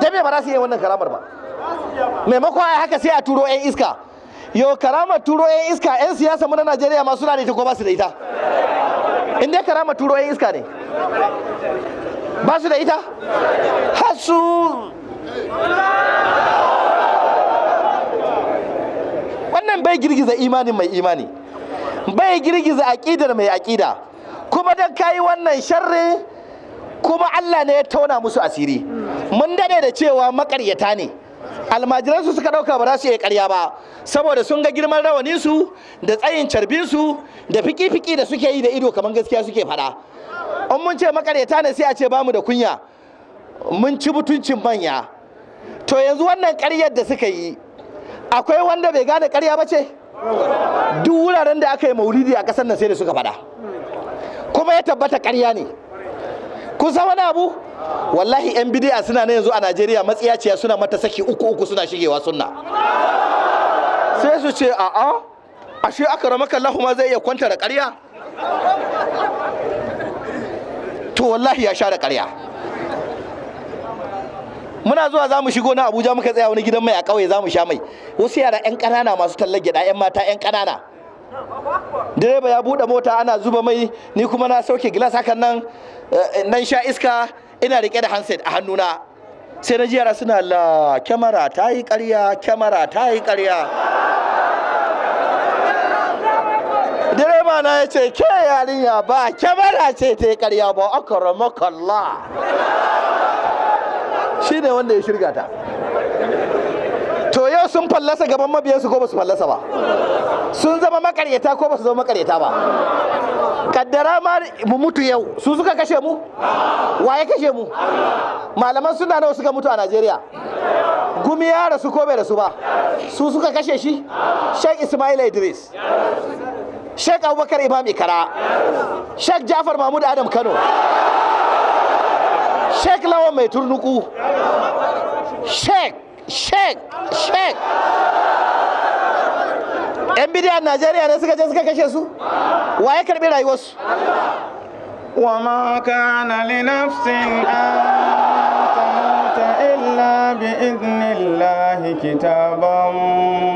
don me ba za su yi wannan karamar ba maimakon ai haka sai a turo 'yan iska yo karamar turo 'yan iska 'yan siyasa mu na najeriya ma suna da ita ko ba su da ita in dai karamar turo 'yan iska ne ba su da ita har su wannan bai girgiza imanin mai imani bai girgiza aƙidar mai aƙida kuma don kayi wannan sharri kuma Allah ne ya tauna musu asiri mun dade da cewa makaryata ne almajiransu suka ɗauka ba za su iya ƙarya ba saboda sun ga girman rawaninsu da tsayin carbinsu da fiki-fiki da suke yi da ido kamar gaskiya suke faɗa in mun ce makaryata ne sai a ce bamu da kunya mun ci mutuncin manya to yanzu wannan karyar da suka yi akwai wanda bai gane karya ba ce duk wuraren da aka yi maulidi a ƙasar nan sai da suka faɗa kuma ya tabbata karya ne kun san wani abu wallahi yan bidiya suna na yanzu a najeriya matsiyaciya suna mata saki uku uku suna shigewa sunna sai su ce a'a ashe aka ramaka ma zai iya kwanta da karya to wallahi ya sha da karya muna zuwa za mu shigo na abuja muka tsaya wani gidan mai a ƙauye za mu sha mai wasu yara 'yan ƙanana masu tallar gyaɗa 'yan mata 'yan ƙanana direba ya buɗe mota ana zuba mai ni kuma na sauke gilas hakan nan eh, nan sha iska ina riƙe da handset a hannuna sai na ji yara suna la kyamara ta yi ƙarya kyamara ta yi ƙarya direba na ya ce ke yarinya ba kyamara ce ta yi ƙarya ba akaramakalla shi ne wanda ya shirga ta to yau sun fallasa gaban mabiyansu ko ba su fallasa ba sun zama makaryata ko ba su zama makaryata ba kaddara ma mu mutu yau su suka kashe mu Wa ya kashe mu malaman suna nawa suka mutu a najeriya gumi ya rasu ko bai rasu ba su suka kashe shi sheikh ismail idris sheikh abubakar imam ikara sheikh jafar mahmud adam kano sheik lawa mai turnuku sheik sheik sheik yan bidiya najeriya ne suka je suka kashe su wa ya karbi rayuwarsu nafsin ta illa bi تموت kitaban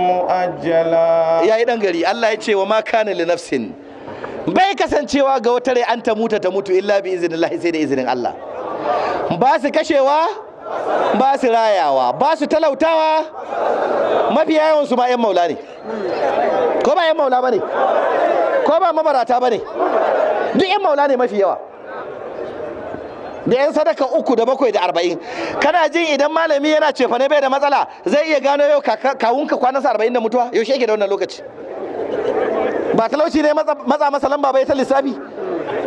muajjala ya كتابا gari Allah ya ce wa ma kana li nafsin bai kasancewa ga wata rai an ta mutu ta mutu illa bi izinin sai da izinin Allah ba su kashewa ba su rayawa ba su talautawa mafi yawansu ba 'yan maula ne ko ba 'yan maula ba ne ko ba mabarata ba ne duk 'yan maula ne mafi yawa da 'yan sadaka uku da bakwai da arba'in kana jin idan malami yana cefa ne bai da matsala zai iya gano yau kawunka kwanansa arba'in da mutuwa yaushe yake da wannan lokaci ba talauci ne matsa masa lamba bai ta lissafi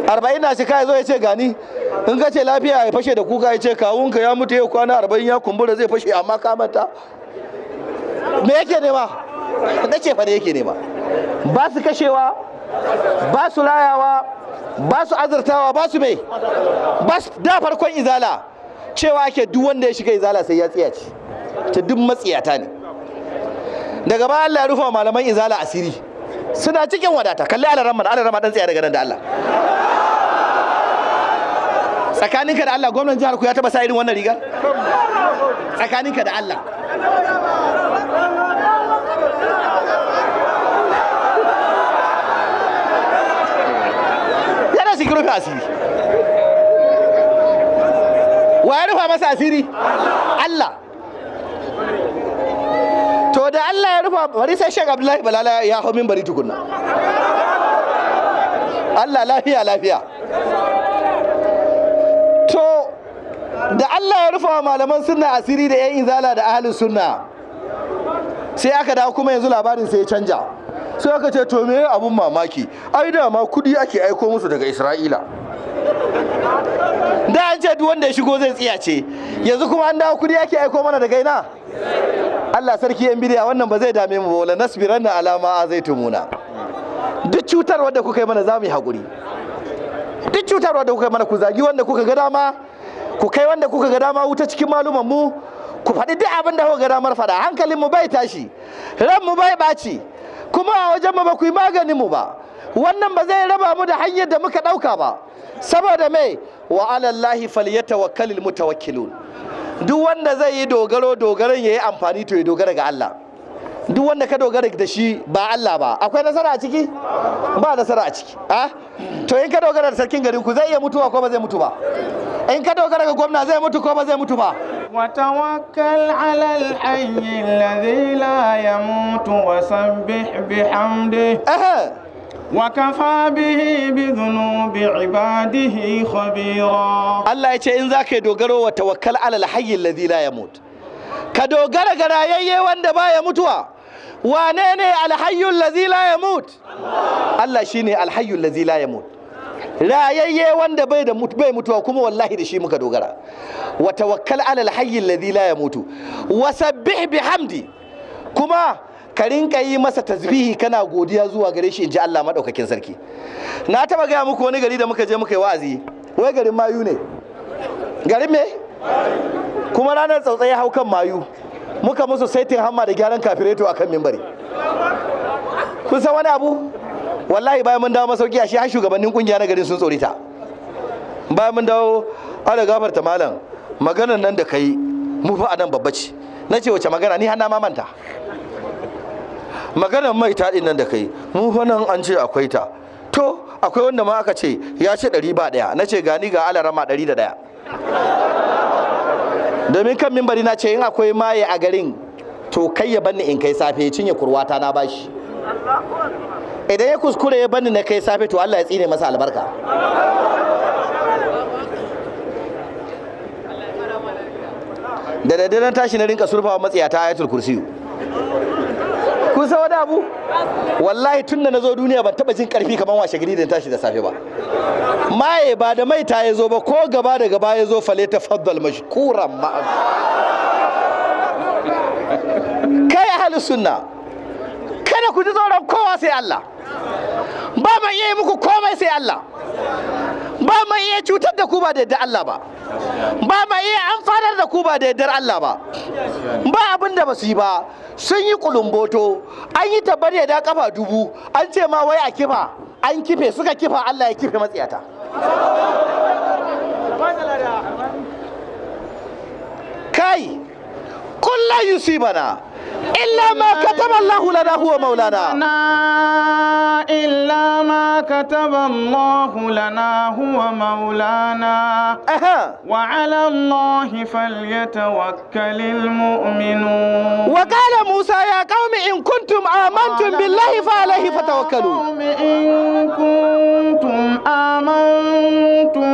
arba'in na shekara ya zo ya ce gani in ka ce lafiya ya fashe da kuka ya ce kawunka ya mutu ya kwana arba'in ya kumbura zai fashe amma ka manta me yake nema na ce fa yake nema ba su kashewa ba su layawa ba su azurtawa ba su mai ba su da farkon izala cewa ake duk wanda ya shiga izala sai ya tsiyaci ta duk matsiyata ne daga baya Allah ya rufa malaman izala asiri suna cikin wadata kalli alaran man alaran dan tsaya daga nan da Allah tsakaninka da Allah gwamnan jihar ku ya taba sa irin wannan rigar tsakaninka da Allah yana shi rufe asiri wa ya rufa masa asiri Allah da Allah ya rufa bari sai Sheikh Abdullahi Balala ya hau min bari tukunna Allah lafiya lafiya to da Allah ya rufa malaman sunna asiri da 'yan inzala da ahalin sunna sai aka dawo kuma yanzu labarin sai ya canja sai aka ce to me abun mamaki ai da ma kudi ake aiko musu daga Isra'ila da an ce duk wanda ya shigo zai tsiyace yanzu kuma an dawo kudi ake aiko mana daga ina Allah sarki yan bidiya wannan ba zai dame mu ba wala nasbiranna ala ma azaitumuna duk cutar wanda kuka yi mana za mu yi hakuri duk cutar wanda kuka yi mana ku zagi wanda kuka ga dama ku kai wanda kuka ga dama wuta cikin maluman mu ku faɗi duk abin da kuka ga damar faɗa hankalin mu bai tashi ran mu bai ɓaci kuma a wajen mu ba ku yi maganin mu ba wannan ba zai raba mu da hanyar da muka ɗauka ba saboda mai wa alallahi falyatawakkalil mutawakkilun duk wanda zai yi dogaro dogaron ya yi amfani to ya dogara ga Allah duk wanda ka dogara da shi ba Allah ba akwai nasara a ciki ba nasara a ciki a ah? to in ka dogara da sarkin garin ku zai iya mutuwa ko ba zai mutu ba in ka dogara ga gwamna zai mutu ko ba zai mutu ba وتوكل على الحي الذي لا يموت وسبح بحمده وكفى به بذنوب عباده خبيرا الله يتي إن ذاك دوغرو وتوكل على الحي الذي لا يموت كدوغر غرايي وند با يموتوا وانيني الحي الذي لا يموت الله شيني الحي الذي لا يموت rayayye wanda bai da bai mutuwa kuma wallahi da shi muka dogara wa tawakkal ala alhayy alladhi la yamutu wa sabbih bihamdi kuma ka rinka yi masa tasbihi kana godiya zuwa gare shi inji Allah madaukakin sarki na taba gaya muku wani gari da muka je muka yi wa'azi wai garin mayu ne garin me kuma ranar ya hau kan mayu muka musu saitin hamma da gyaran kafireto akan mimbari kun san wani abu wallahi bayan mun dawo masauki a shi har shugabannin kungiya na garin sun tsorita bayan mun dawo ana gafarta malam maganar nan da kai mu fa anan babba ce na ce wace magana ni har na mamanta maganar mai taɗin nan da kai mu fa an ce akwai ta to akwai wanda ma aka ce ya ce ɗari ba ɗaya na ce gani ga alarama ɗari da ɗaya domin kan mimbari na ce in akwai maye a garin to kai ya banni in kai safe ya cinye kurwata na bashi idan ya kuskure ya banni na kai safe to Allah ya tsine masa albarka da daddaren tashi na rinka surfawa matsiyata ayatul kursiyu kun san wani abu wallahi tun da na zo duniya ban taba jin karfi kamar washe gari da tashi da safe ba maye ba da maita ya zo ba ko gaba da gaba ya zo fale ta faddal mashkuran ma'am kai ahlus sunna kada ku ji tsoron kowa sai Allah ba mai iya muku komai sai Allah ba mai iya cutar da ku ba da yardar Allah ba ba mai iya amfanar da ku ba da yardar Allah ba ba abin da ba su yi ba sun yi kulumboto an yi tabbar da kafa dubu an ce ma wai a kifa an kife suka kifa Allah ya kife matsiyata kai kullum bana. إلا ما كتب الله لنا هو مولانا إلا ما كتب الله لنا هو مولانا أها وعلى الله فليتوكل المؤمنون وقال موسى يا قوم إن كنتم آمنتم بالله فعليه فتوكلوا إن كنتم آمنتم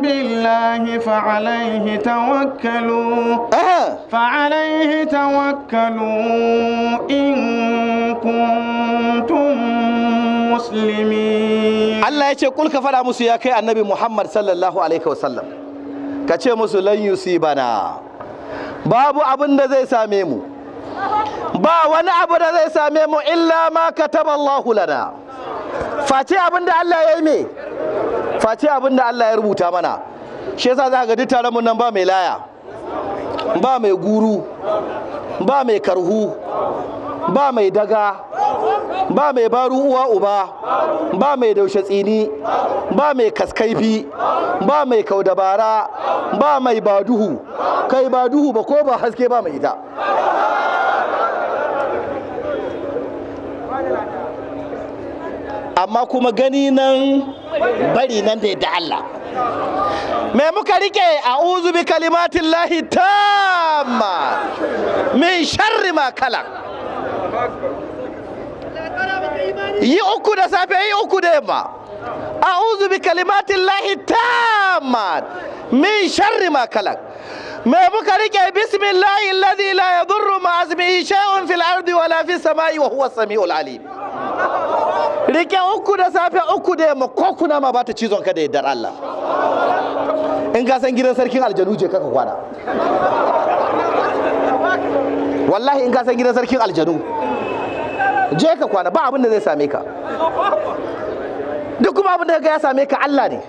بالله فعليه توكلوا أها فعليه توكلوا توكلوا إن كنتم مسلمين الله يشي قل كفر أمس يا كي النبي محمد صلى الله عليه وسلم كشي مسلم يصيبنا babu abin da zai same mu ba wani abu da zai same mu illa ma kataba Allahu lana face abin da Allah ya yi me face abin da Allah ya rubuta mana shi yasa za ga duk taron mun nan ba mai laya ba mai guru ba mai karhu ba mai daga ba mai baru uwa uba ba mai daushe tsini ba mai kaskaifi ba mai kaudabara ba mai baduhu kai baduhu ba ko ba haske ba mai ita amma kuma gani nan bari nan da da Allah me muka rike a uzu bi kalimatin lahi tamma min sharri ma kala yi uku da safe yi uku da yamma a uzu bi kalimatin lahi tamma min sharri ma kala me muka rike bismillahi alladhi la yadurru ma azmihi shay'un fil ardi wala fis samai wa huwa samiul alim rike uku da safe uku da yamma ko kuna ma bata cizon ka da yardar Allah in ka san gidan sarkin aljanu je kaka kwana wallahi in ka san gidan sarkin aljanu je ka kwana ba abin da zai same ka duk kuma abin da ga ya same ka Allah ne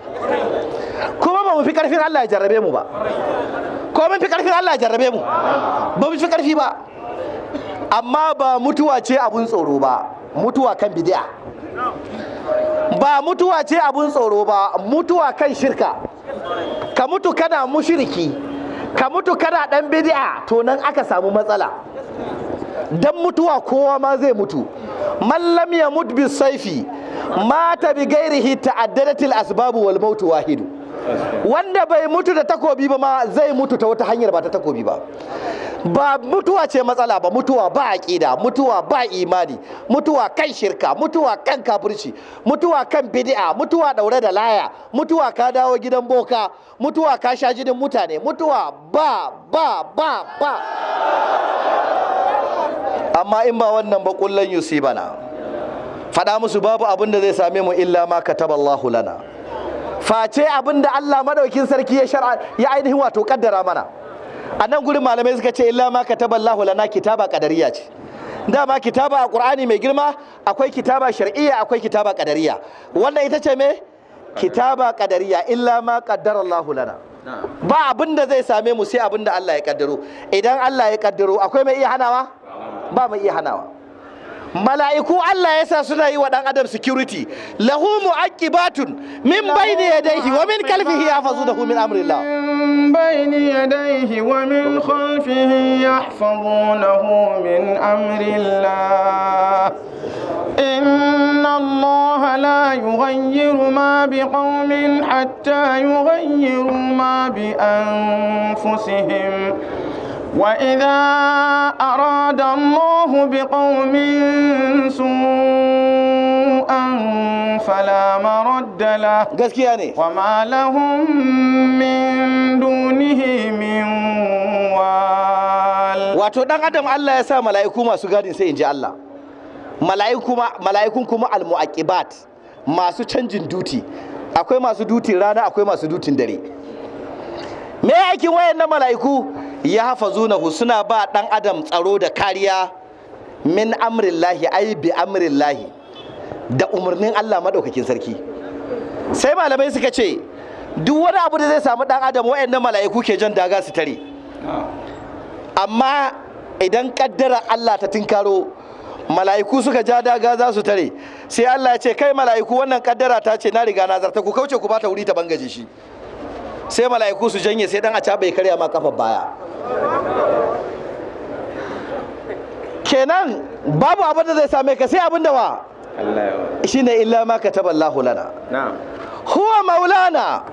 kuma ba mu fi karfin Allah ya jarrabe mu ba ko mun fi karfin Allah ya jarrabe mu ba mu fi karfi ba amma ba mutuwa ce abun tsoro ba mutuwa kan bid'a ba mutuwa ce abun tsoro ba mutuwa kan shirka ka mutu kana mushiriki ka mutu kana dan bid'a to nan aka samu matsala dan mutuwa kowa ma zai mutu mallam ya mutu bi saifi mata bi gairihi ta'addadatil asbabu wal mautu wahidu wanda bai mutu da takobi ba ma zai mutu ta wata hanyar ba ta takobi ba ba mutuwa ce matsala ba mutuwa ba aƙida mutuwa ba imani mutuwa kan shirka mutuwa kan kafirci mutuwa kan bid'a mutuwa ɗaure da laya mutuwa ka dawo gidan boka mutuwa ka sha jinin mutane mutuwa ba ba ba ba amma in ba wannan ba kullun yusibana faɗa musu babu abin da zai same mu illa ma ka kataballahu lana face abin da Allah madaukin sarki ya shar'a ya ainihin wato kaddara mana a nan gurin malamai suka ce illa ma kataballahu lana kitaba qadariyya ce dama kitaba a ƙur'ani mai girma akwai kitaba shar'iyya akwai kitaba qadariyya wannan ita ce me kitaba qadariyya illa ma qaddarallahu lana ba abin da zai same mu sai abin da Allah ya kaddaro idan Allah ya kaddaro akwai mai iya hanawa ba mai iya hanawa mala'iku Allah ya sa suna yi wa ɗan adam security lahu mu'aqibatun min bayni yadayhi wa min yahfazu yahfazunahu min amrillah min bayni yadayhi wa min khalfihi yahfazunahu min amrillah Allah la yughayyiru ma biqaumin hatta yughayyiru ma bi anfusihim وإذا أراد الله بقوم سوءا فلا مرد له وما لهم من دونه من وال واتو دان ادم الله يا سا ملائكو masu gadin sai inji Allah mala'ikun kuma almu'aqibat masu canjin duti akwai masu dutin rana akwai masu dutin dare me aikin wayannan mala'iku ya Zunahu suna ba ɗan adam tsaro da kariya min amrillahi ai bi amrillahi da umarnin Allah madaukakin sarki sai malamai suka ce duk wani abu da zai samu dan adam waɗannan mala'iku ke jan daga su tare amma idan kaddara Allah ta tinkaro mala'iku suka ja daga za su tare sai Allah ya ce kai mala'iku wannan kaddara ta ce na riga na zarta ku kauce ku bata wuri ta bangaje shi sai mala'iku su janye sai dan a bai karya ma kafar baya kenan babu abin da zai same ka sai abin da wa shine illa ma kataba Allahu lana huwa maulana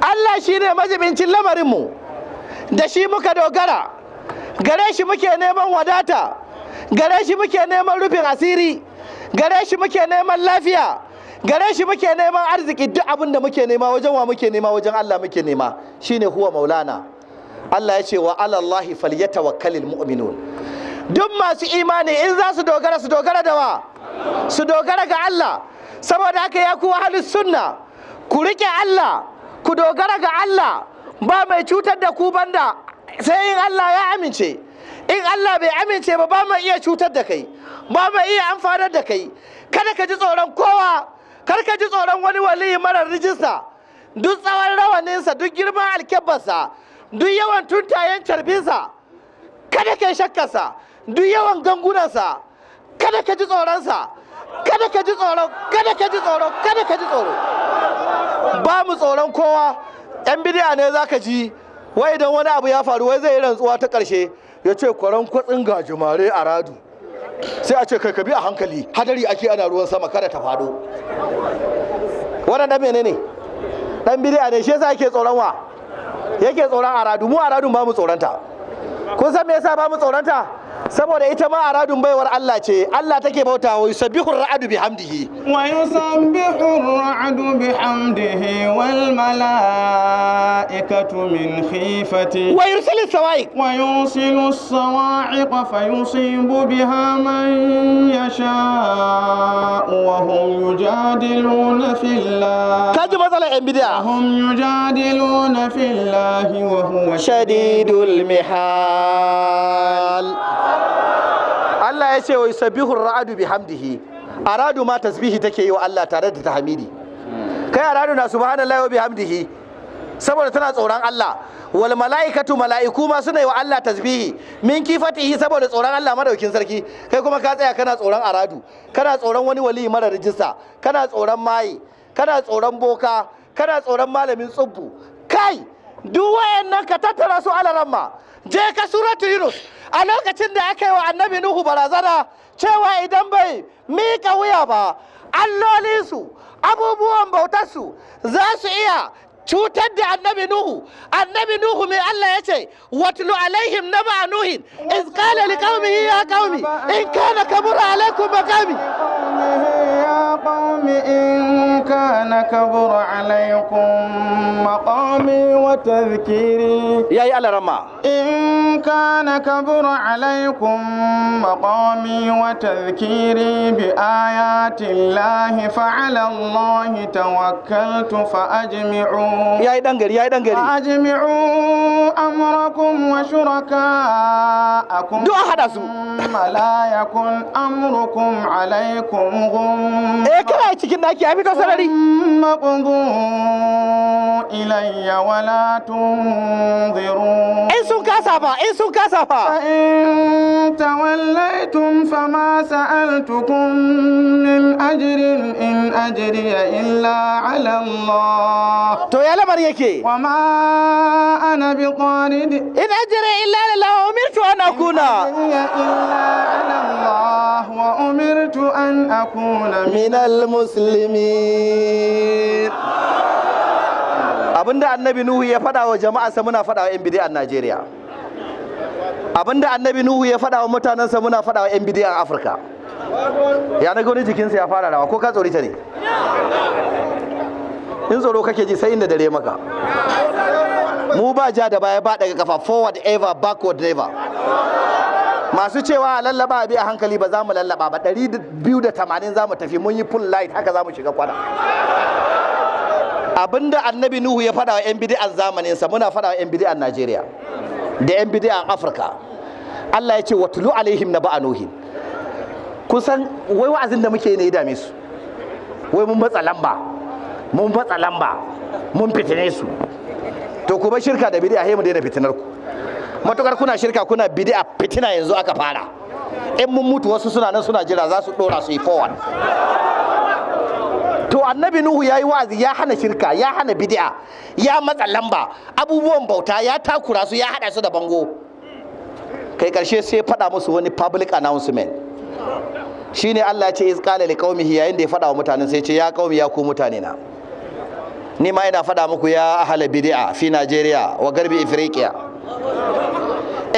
Allah shine majibincin mu. da shi muka dogara gare shi muke neman wadata gare shi muke neman rufin asiri gare shi muke neman lafiya gare shi muke neman arziki duk abin da muke nema wajen wa muke nema wajen Allah muke nema shine huwa maulana Allah ya ce wa alallahi falyatawakkalil mu'minun duk masu imani in za su dogara su dogara da wa su dogara ga Allah saboda haka ya kuwa halin sunna ku rike Allah ku dogara ga Allah ba mai cutar da ku banda sai in Allah ya amince in Allah bai amince ba ba mai iya cutar da kai ba mai iya amfanar da kai kada ka ji tsoron kowa kar ka ji tsoron wani waliyi marar rijista duk tsawon rawaninsa duk girman alkebarsa duk yawan tuntayen carbinsa kada ka yi shakkarsa duk yawan gangunansa kada ka ji tsoronsa kada ka ji tsoro kada ka ji tsoro kada ka ji tsoro ba mu tsoron kowa yan bidiya ne za ka ji wai idan wani abu ya faru wai zai yi rantsuwa ta ƙarshe ya ce kwaron kwatsin gajimare a radu sai a ce kai ka bi a hankali hadari ake ana ruwan sama kada ta faɗo wannan dan menene dan bidiya ne shi yasa yake tsoron wa yake tsoron aradu mu aradun ba mu tsoronta kun san me yasa ba mu tsoronta saboda ita ma aradun baiwar Allah ce Allah take bauta wa yusabbihu ar-ra'du bihamdihi wa yusabbihu ar-ra'du bihamdihi wal malaikatu min khifati wa yursilu as-sawa'iq wa yursilu as-sawa'iq fa yusibu biha man yasha'u wa hum yujadiluna fillah kaji matsalar yan bid'a hum yujadiluna fillahi wa huwa shadidul mihal Allah ya ce wa yusabbihu ra'adu bi hamdihi, aradu ma tasbihi take yi wa Allah tare da tahmidi kai aradu na subhanallahi wa bihamdihi saboda tana tsoron Allah wal mala'ikatu mala'iku ma suna yi wa Allah tasbihi min kifatihi saboda tsoron Allah madaukin sarki kai kuma ka tsaya kana tsoron aradu kana tsoron wani wali mara rijista kana tsoron maye kana tsoron boka kana tsoron malamin tsubbu kai duk wayannan ka tattara su alaramma je ka suratu yunus a lokacin da aka yi wa annabi nuhu barazana cewa idan bai miƙa wuya ba allolinsu abubuwan bautarsu za su iya cutar da annabi nuhu annabi nuhu mai Allah ya ce watlu alaihim ba nuhin iz qala ya kaumi in kana kabura alaikum maqami ya in كان كبر عليكم مقامي وتذكيري يا يا رما إن كان كبر عليكم مقامي وتذكيري بآيات الله فعلى الله توكلت فأجمعوا يا دنجري يا دنجري فأجمعوا أمركم وشركاءكم ثم لا يكن أمركم عليكم غم إيه كنا cikin naki ya fi kasar sarari ilayya wala tunzirun in sun kasa fa in sun kasa fa in tawallaitum fama sa'altukum min ajrin in ajriya illa ala Allah to ya lamar yake wa ma ana bi qarid in ajriya illa lillah umirtu an akuna illa ala Allah wa umirtu an akuna min al-muslimin العالمين abinda annabi nuhu ya faɗa wa sa muna faɗa wa 'yan bidiyar najeriya abinda annabi nuhu ya faɗa wa sa muna faɗa wa 'yan bidiyar afirka ya na gani jikinsa ya fara rawa ko ka tsorita ne in tsoro kake ji sai inda dare maka mu ba ja da baya ba daga kafa forward ever backward never masu cewa a lallaba bi a hankali ba za mu lallaba ba ɗari biyu da tamanin za mu tafi mun yi full light haka za mu shiga kwana abinda annabi nuhu ya faɗawa wa 'yan bidi'an zamaninsa muna fada wa 'yan bidi'an najeriya da 'yan bidi'an afirka allah ya ce watulu alaihim na ba'a nuhin kusan wai wa'azin da muke ne ya dame su wai mun matsa lamba mun matsa lamba mun fitine su to ku bar shirka da bidi'a mu daina fitinar ku matukar kuna shirka kuna bid'a fitina yanzu aka fara in mun mutu wasu suna nan suna jira za su dora su yi forward to annabi nuhu ya yi wa'azi ya hana shirka ya hana bidi'a, ya matsa lamba abubuwan bauta ya takura su ya hada su da bango kai karshe sai faɗa musu wani public announcement shine Allah ya ce iz qala liqaumihi yayin da ya faɗa wa mutanen sai ce ya qaumi ya ku mutane na ni ma ina faɗa muku ya ahala bid'a fi Najeriya wa garbi Ifirikiya.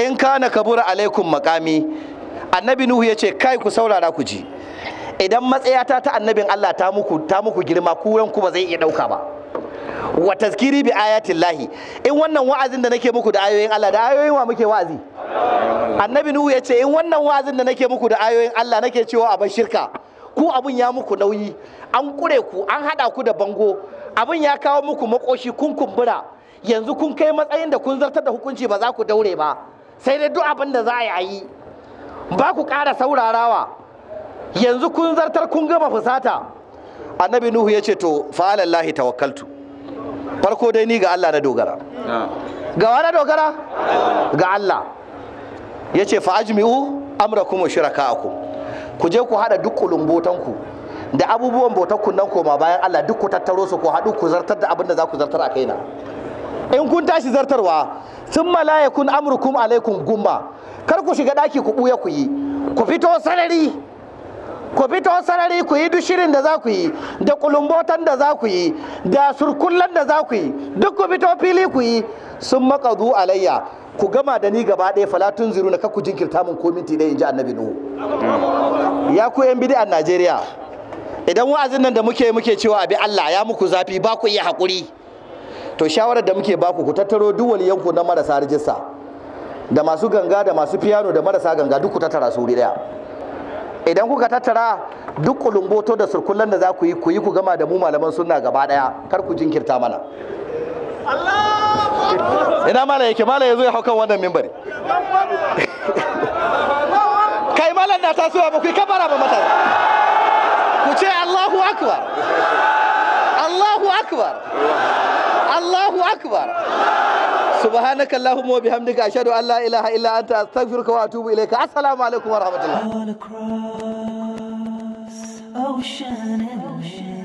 in kana kabura alaikum makami annabi nuhu ya ce kai ku saurara ku ji idan matsayata ta annabin Allah ta muku ta muku girma kuran ku ba zai iya dauka ba wa tazkiri bi ayatin lahi in wannan wa'azin da nake muku da ayoyin Allah da ayoyin wa muke wa'azi annabi nuhu ya ce in wannan wa'azin da nake muku da ayoyin Allah nake cewa a shirka ku abun ya muku nauyi an kure ku an hada ku da bango abun ya kawo muku makoshi kun kumbura yanzu kun kai matsayin da kun zartar da hukunci ba za ku daure ba sai dai duk abin da za a yi ba ku ƙara saurarawa yanzu kun zartar kun gama fusata annabi nuhu ya ce to fa'alallahi tawakkaltu farko dai ni ga Allah na dogara ga dogara ga Allah ya ce fa'ajmi'u amrakum wa shuraka'akum ku je ku hada duk kulumbotanku da abubuwan botakun nan koma bayan Allah duk ku tattaro su ku haɗu ku zartar da abin da za ku zartar a kaina in kun tashi zartarwa sun kun amurkum alaikum gumma kar ku shiga ɗaki ku ɓuya ku yi ku fito sarari ku fito sarari ku yi duk shirin da za ku yi da kulumbotan da za ku yi da surkullan da za ku yi duk ku fito fili ku yi sun makazu alayya ku gama da ni gaba ɗaya falatun ziru na ku jinkirta mun komiti ɗaya in ji annabi nuhu ya ku yan a Najeriya idan wa'azin nan da muke muke cewa abi Allah ya muku zafi ba ku iya haƙuri to shawarar da muke baku ku tattaro duk waliyanku na marasa rijista da masu ganga da masu fiyano da marasa ganga duk ku tattara su wuri daya idan kuka tattara duk kulumboto da surkullan da za ku yi ku yi ku gama da mu malaman sunna gaba daya kar ku jinkirta mana ina mala yake mala zo ya hau kan wannan mimbari kai malan na tasowa ba ku yi kabara ba mata ku ce Allahu akbar akbar Allahu akbar subhanaka allahumma wa bihamdika ashhadu an la ilaha illa anta astaghfiruka wa atubu ilayka assalamu alaikum wa rahmatullah